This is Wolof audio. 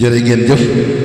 jërë ngeen jëf